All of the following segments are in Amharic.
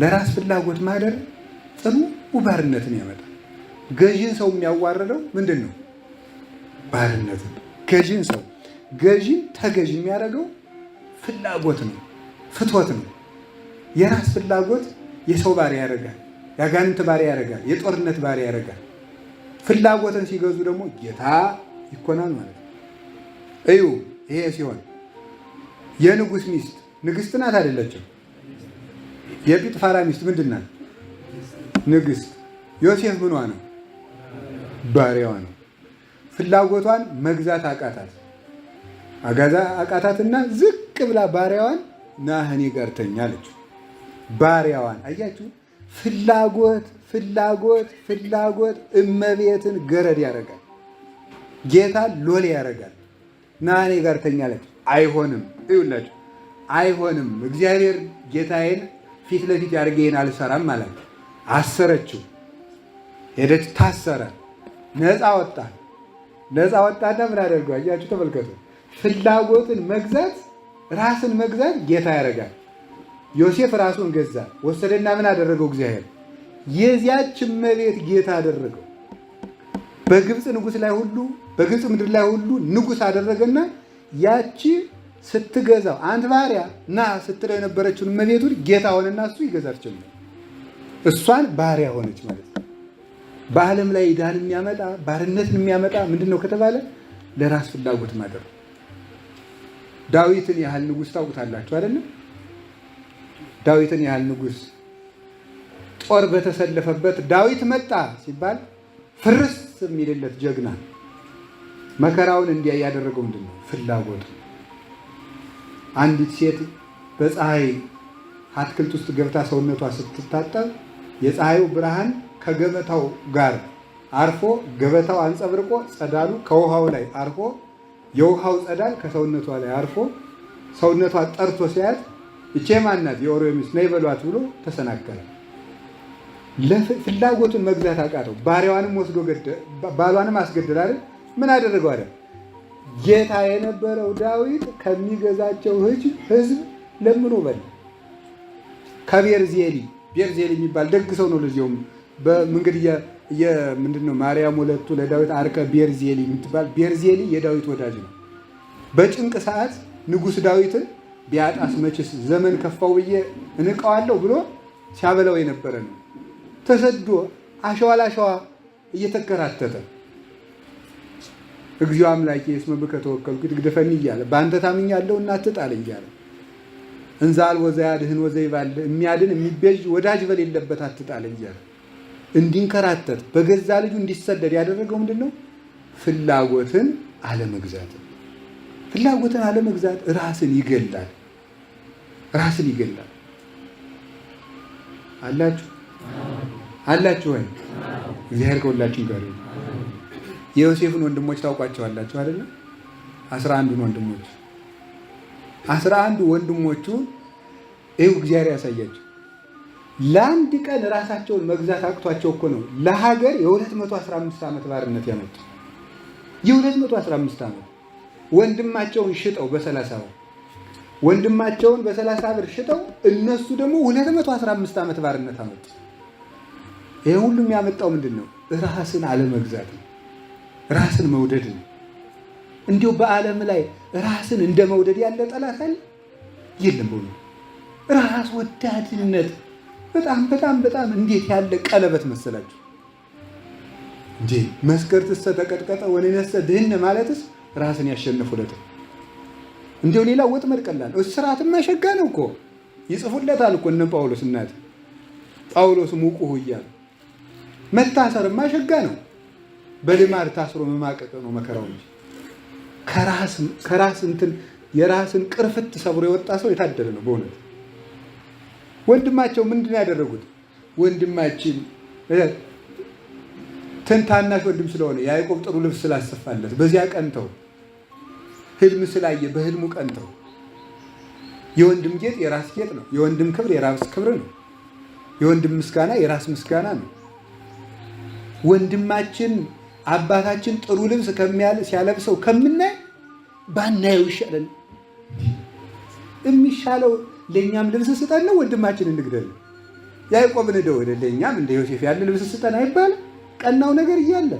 ለራስ ፍላጎት ማደር ጥሩ ባርነትን ያመጣል። ገዢን ሰው የሚያዋርደው ምንድን ነው? ባርነትን። ገዢን ሰው ገዢን ተገዢ የሚያደርገው ፍላጎት ነው፣ ፍትወት ነው። የራስ ፍላጎት የሰው ባሪያ ያደርጋል፣ የአጋንንት ባሪያ ያደርጋል፣ የጦርነት ባሪያ ያደርጋል። ፍላጎትን ሲገዙ ደግሞ ጌታ ይኮናል ማለት ነው። እዩ ይሄ ሲሆን የንጉስ ሚስት ንግስት ናት አይደለችም። የጲጥፋራ ሚስት ምንድን ናት? ንግስት። ዮሴፍ ምኗ ነው? ባሪያዋ ነው። ፍላጎቷን መግዛት አቃታት። አጋዛ አቃታትና ዝቅ ብላ ባሪያዋን ናህኔ እኔ አለች። ባሪያዋን አያችሁ፣ ፍላጎት ፍላጎት ፍላጎት እመቤትን ገረድ ያደርጋል፣ ጌታን ሎሌ ያደርጋል። ናህኔ እኔ ጋር አይሆንም፣ ይኸውላችሁ አይሆንም። እግዚአብሔር ጌታዬን ፊት ለፊት ያድርገን አልሰራም አለ። አሰረችው። ሄደች፣ ታሰረ፣ ነፃ ወጣ። ነፃ ወጣና ምን አደርገው? አያችሁ፣ ተመልከቱ። ፍላጎትን መግዛት ራስን መግዛት ጌታ ያደርጋል። ዮሴፍ ራሱን ገዛ፣ ወሰደና ምን አደረገው? እግዚአብሔር የዚያች እመቤት ጌታ አደረገው። በግብፅ ንጉሥ ላይ ሁሉ በግብፅ ምድር ላይ ሁሉ ንጉሥ አደረገና ያቺ ስትገዛው አንድ ባሪያ ና ስትለው የነበረችውን እመቤቱን ጌታ ሆነና እሱ ይገዛችው እሷን ባሪያ ሆነች ማለት ነው። በዓለም ላይ ዕዳን የሚያመጣ ባርነትን የሚያመጣ ምንድን ነው ከተባለ ለራስ ፍላጎት ማደር። ዳዊትን ያህል ንጉሥ ታውቁታላችሁ አይደለም? ዳዊትን ያህል ንጉሥ ጦር በተሰለፈበት ዳዊት መጣ ሲባል ፍርስ የሚልለት ጀግና መከራውን እንዲያ ያደረገው ምንድን ነው ፍላጎቱ አንዲት ሴት በፀሐይ አትክልት ውስጥ ገብታ ሰውነቷ ስትታጠብ የፀሐዩ ብርሃን ከገበታው ጋር አርፎ ገበታው አንጸብርቆ ጸዳሉ ከውሃው ላይ አርፎ የውሃው ጸዳል ከሰውነቷ ላይ አርፎ ሰውነቷ ጠርቶ ሲያያት እቼ ማናት የኦሮሚስ ነይ በሏት ብሎ ተሰናከለ። ፍላጎቱን መግዛት አቃተው። ባሪዋንም ወስዶ ባሏንም አስገድል አይደል ምን አደረገው አይደል ጌታ የነበረው ዳዊት ከሚገዛቸው ህዝብ ለምኖ በል ከቤርዜሊ ቤርዜሊ የሚባል ደግ ሰው ነው። ለዚውም በምንግድ ምንድን ነው ማርያም ሁለቱ ለዳዊት አርከ ቤርዜሊ የምትባል ቤርዜሊ የዳዊት ወዳጅ ነው። በጭንቅ ሰዓት ንጉሥ ዳዊትን ቢያጣስ መችስ ዘመን ከፋው ብዬ እንቀዋለሁ ብሎ ሲያበላው የነበረ ነው። ተሰዶ አሸዋ ላሸዋ እየተከራተተ እግዚኦ አምላኬ እስመ ብከ ተወከልኩ ትግደፈኒ እያለ በአንተ ታምኛለሁ እና አትጣል እያለ እንዛል ወዛ ያድህን ወዘ ይባል የሚያድን የሚቤዥ ወዳጅ በሌለበት አትጣል እያለ እንዲንከራተት በገዛ ልጁ እንዲሰደድ ያደረገው ምንድን ነው? ፍላጎትን አለመግዛት። ፍላጎትን አለመግዛት ራስን ይገላል። ራስን ይገላል። አላችሁ አላችሁ ወይ? እግዚአብሔር ከሁላችን ጋር የዮሴፍን ወንድሞች ታውቋቸዋላችሁ አይደለም? አስራ አንዱን ወንድሞች አስራ አንዱ ወንድሞቹ ይህ እግዚአብሔር ያሳያቸው። ለአንድ ቀን ራሳቸውን መግዛት አቅቷቸው እኮ ነው ለሀገር የ215 ዓመት ባርነት ያመጡ። የ215 ዓመት ወንድማቸውን ሽጠው በ30 ብር ወንድማቸውን በ30 ብር ሽጠው እነሱ ደግሞ 215 ዓመት ባርነት አመጡ። ይህ ሁሉም ያመጣው ምንድን ነው? ራስን አለመግዛት ነው። ራስን መውደድ ነው። እንዲሁ በዓለም ላይ ራስን እንደ መውደድ ያለ ጠላት አለ? የለም። በሆነ ራስ ወዳድነት በጣም በጣም በጣም እንዴት ያለ ቀለበት መሰላችሁ እንዴ! መስከርትሰ ተቀጥቀጠ ወንነሰ ድህነ ማለትስ ራስን ያሸንፍ ሁለት ሌላ ወጥመድ ቀላል ነው። እስራትም መሸጋ ነው እኮ ይጽፉለታል እኮ እነ ጳውሎስ እናት ጳውሎስ ሙቁሁ እያሉ መታሰር ማሸጋ ነው። በልማድ ታስሮ መማቀቅ ነው መከራው እንጂ ከራስ እንትን የራስን ቅርፍት ሰብሮ የወጣ ሰው የታደለ ነው በእውነት። ወንድማቸው ምንድን ነው ያደረጉት? ወንድማችን ትንታናሽ ወንድም ስለሆነ ያዕቆብ ጥሩ ልብስ ስላሰፋለት በዚያ ቀንተው ህልም ስላየ በህልሙ ቀንተው የወንድም ጌጥ የራስ ጌጥ ነው። የወንድም ክብር የራስ ክብር ነው። የወንድም ምስጋና የራስ ምስጋና ነው። ወንድማችን አባታችን ጥሩ ልብስ ከሚያል ሲያለብሰው ከምናይ ባናየው ይሻለን። የሚሻለው ለእኛም ልብስ ስጠን ነው ወንድማችን እንግደል። ያዕቆብን ወደ ለእኛም እንደ ዮሴፍ ያለ ልብስ ስጠን አይባልም። ቀናው ነገር እያለ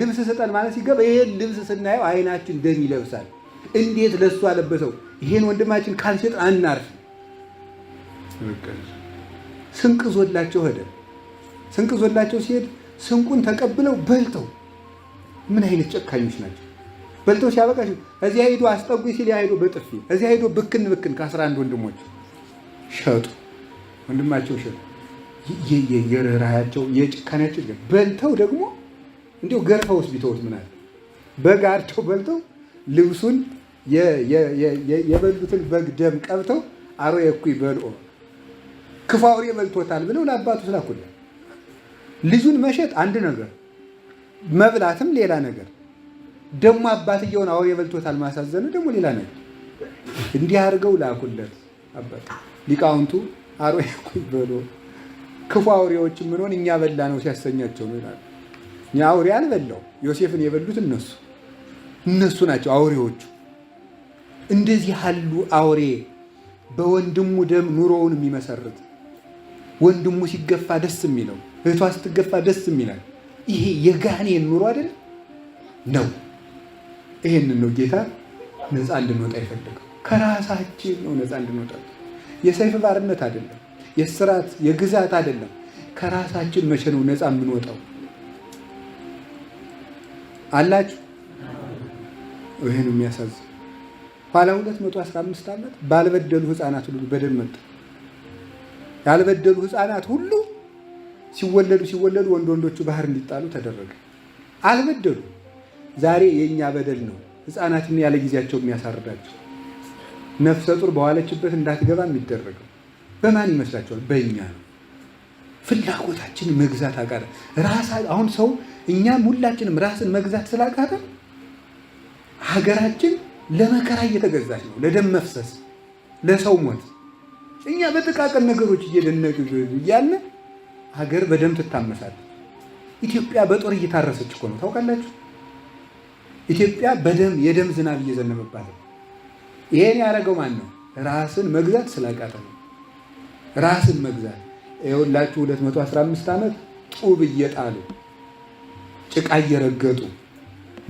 ልብስ ስጠን ማለት ሲገባ ይሄን ልብስ ስናየው አይናችን ደም ይለብሳል። እንዴት ለሱ አለበሰው? ይሄን ወንድማችን ካልሸጥ አናርፍ። ስንቅ ዞላቸው ሄደ። ስንቅ ዞላቸው ሲሄድ ስንቁን ተቀብለው በልተው ምን አይነት ጨካኞች ናቸው? በልተው ሲያበቃሽ እዚያ ሄዶ አስጠጉ ሲል ሄዶ በጥፊ እዚያ ሄዶ ብክን ብክን ከአስራ አንድ ወንድሞች ሸጡ። ወንድማቸው ሸጡ። የርኅራኄያቸው የጭካኔያቸው በልተው ደግሞ እንዲሁ ገርፈ ውስጥ ቢተውት ምን አለ? በግ በልተው ልብሱን የበሉትን በግ ደም ቀብተው አሮ የኩ በልኦ ክፉ አውሬ በልቶታል ብለው ለአባቱ ስላኩላል ልጁን መሸጥ አንድ ነገር፣ መብላትም ሌላ ነገር። ደግሞ አባትየውን አውሬ በልቶታል ማሳዘነ ደግሞ ሌላ ነገር። እንዲህ አድርገው ላኩለት አባት ሊቃውንቱ አሮ ይበሉ ክፉ አውሬዎች ምንሆን እኛ በላ ነው ሲያሰኛቸው ነው ይላሉ። እኛ አውሬ አልበላው ዮሴፍን የበሉት እነሱ እነሱ ናቸው አውሬዎቹ። እንደዚህ ያሉ አውሬ በወንድሙ ደም ኑሮውን የሚመሰርት ወንድሙ ሲገፋ ደስ የሚለው እህቷ ስትገፋ ደስ የሚላል። ይሄ የጋኔን ኑሮ አይደል ነው። ይሄንን ነው ጌታ ነፃ እንድንወጣ ይፈልገው። ከራሳችን ነው ነፃ እንድንወጣ። የሰይፍ ባርነት አይደለም፣ የስራት የግዛት አይደለም። ከራሳችን መቼ ነው ነፃ የምንወጣው? አላችሁ ይህን የሚያሳዝን ኋላ 215 ዓመት ባልበደሉ ህፃናት ሁሉ በደም መጣ። ያልበደሉ ህፃናት ሁሉ ሲወለዱ ሲወለዱ ወንድ ወንዶቹ ባህር እንዲጣሉ ተደረገ። አልበደሉ። ዛሬ የእኛ በደል ነው። ህፃናትን ያለ ጊዜያቸው የሚያሳርዳቸው ነፍሰ ጡር በዋለችበት እንዳትገባ የሚደረገው በማን ይመስላችኋል? በእኛ ነው። ፍላጎታችን መግዛት አቃተ። ራሳ አሁን ሰው እኛም ሁላችንም ራስን መግዛት ስላቃተ ሀገራችን ለመከራ እየተገዛች ነው፣ ለደም መፍሰስ፣ ለሰው ሞት እኛ በጥቃቅን ነገሮች እየደነቅ እያለ ሀገር በደም ትታመሳል። ኢትዮጵያ በጦር እየታረሰች እኮ ነው ታውቃላችሁ። ኢትዮጵያ በደም የደም ዝናብ እየዘነበባት ነው። ይሄን ያደረገው ማን ነው? ራስን መግዛት ስላቃተ ነው። ራስን መግዛት ይኸውላችሁ 215 ዓመት ጡብ እየጣሉ ጭቃ እየረገጡ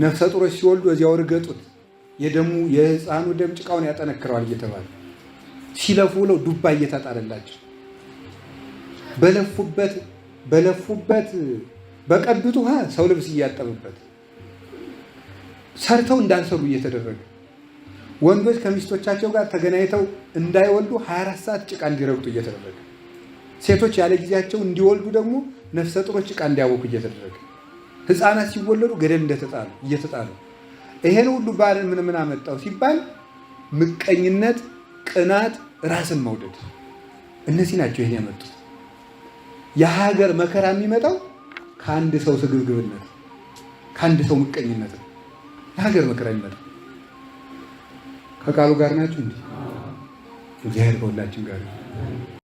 ነፍሰ ጡሮች ሲወልዱ እዚያው ርገጡት፣ የደሙ የህፃኑ ደም ጭቃውን ያጠነክረዋል እየተባለ ሲለፉ ውለው ዱባ እየታጣረላቸው በለፉበት በለፉበት በቀዱት ውሃ ሰው ልብስ እያጠበበት ሰርተው እንዳልሰሩ እየተደረገ ወንዶች ከሚስቶቻቸው ጋር ተገናኝተው እንዳይወልዱ 24 ሰዓት ጭቃ እንዲረግጡ እየተደረገ ሴቶች ያለ ጊዜያቸው እንዲወልዱ ደግሞ ነፍሰ ጥሮች ጭቃ እንዲያቦኩ እየተደረገ ህፃናት ሲወለዱ ገደል እንደተጣሉ እየተጣሉ ይሄን ሁሉ ባልን ምን ምን አመጣው ሲባል ምቀኝነት፣ ቅናት፣ ራስን መውደድ እነዚህ ናቸው ይሄን ያመጡት። የሀገር መከራ የሚመጣው ከአንድ ሰው ስግብግብነት፣ ከአንድ ሰው ምቀኝነት ነው የሀገር መከራ የሚመጣው። ከቃሉ ጋር ናችሁ እንዲህ እግዚአብሔር ከሁላችን ጋር